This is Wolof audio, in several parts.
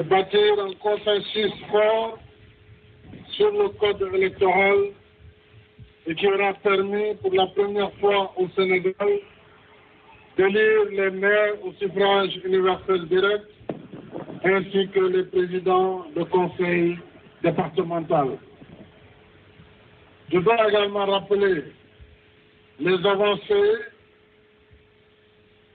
de bâtir un consensus fort sur le code électoral et qui aura permis pour la première fois au Sénégal d'élire les maires au suffrage universel direct ainsi que les présidents de conseils départementaux. Je dois également rappeler les avancées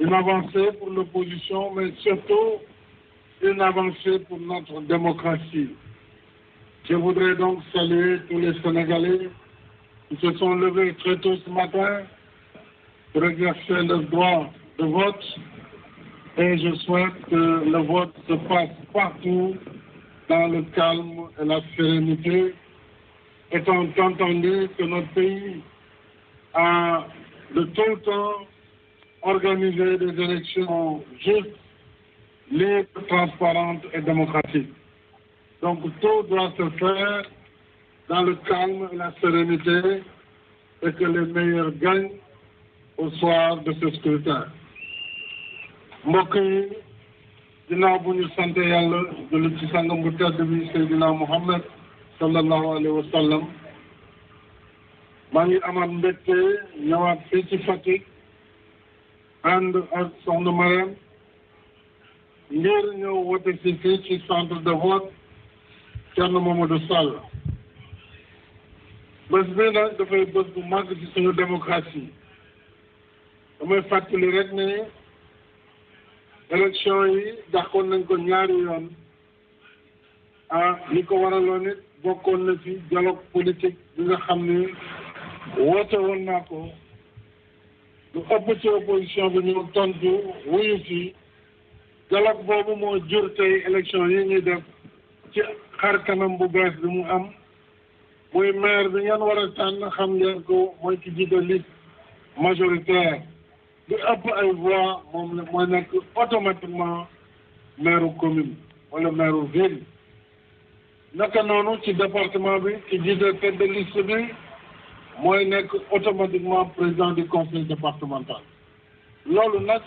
une avancée pour l'opposition, mais surtout une avancée pour notre démocratie. Je voudrais donc saluer tous les Sénégalais qui se sont levés très tôt ce matin pour exercer le droit de vote et je souhaite que le vote se passe partout dans le calme et la sérénité, étant entendu que notre pays a de tout le temps organiser des élections justes, libres, transparentes et démocratiques. Donc tout doit se faire dans le calme et la sérénité et que les meilleurs gagnent au soir de ce scrutin. mbokk yi ginnaaw bu ñu sant yàlla julli ci sangam bu tedd bi Muhammad sallallahu alayhi wa sallam maa ngi amaat mbégte ñëwaat ànd ak soxna Mariam ngir ñëw wote si fii ci centre de vote Thierno Mamadou Sall bés bi dafay bés bu màgg ci suñu démocratie damay fàttali rek ne élection yi dàqoon nañ ko ñaari yoon ah li ko waraloon it bokkoon na ci dialogue politique bi xam ni woote woon naa ko lu ëpp ci opposition bi ñu tontu wuyu ci dialogue boobu moo jur tey élection yi ñuy def ci xar kanam bu bees bi mu am muy maire bi ngeen war a tànn xam ngeen ko mooy ki jiite liste majoritaire lu ëpp ay voix moom la mooy nekk automatiquement maire commune wala maire ville naka noonu ci département bi ki jiite tête de bi mooy nekk automatiquement président de conseil départemental loolu nag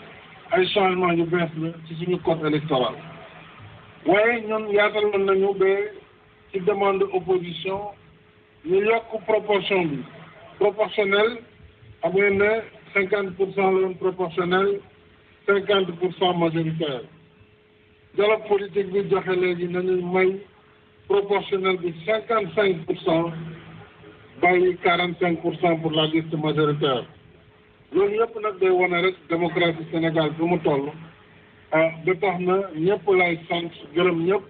ay changement yu bees la ci suñu code électoral waaye ñun yaataloon nañu ba ci demande opposition ñu yokk proportion bi proportionnel xam ngeen cinquante pour cent la woon proportionnel cinquante pour cent majoritaire dialogue politique bi joxe léegi nañu may proportionnel bi cinquante cinq pour cent bàyyi quarante cinq pour cent pour la liste majoritaire loolu yëpp nag day wane rek démocratie Sénégal bi toll ah, ba tax na ñëpp lay sant gërëm ñëpp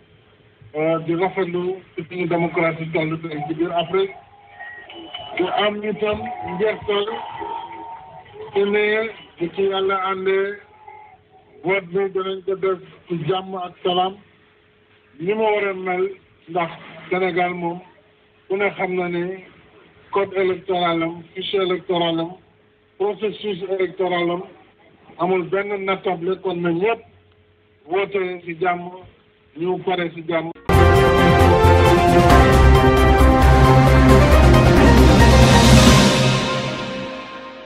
ah, di rafetlu suñu démocratie toll tey ci biir Afrique te am itam njeextal te ne bu ci yàlla àndee vote bi danañ ko def ci jàmm ak salaam ni ma war a mel ndax Sénégal moom ku ne xam na ne code électoral am fichier électoral am processus électoral am amul kon na ñëpp woote si jàmm ñu pare si jàmm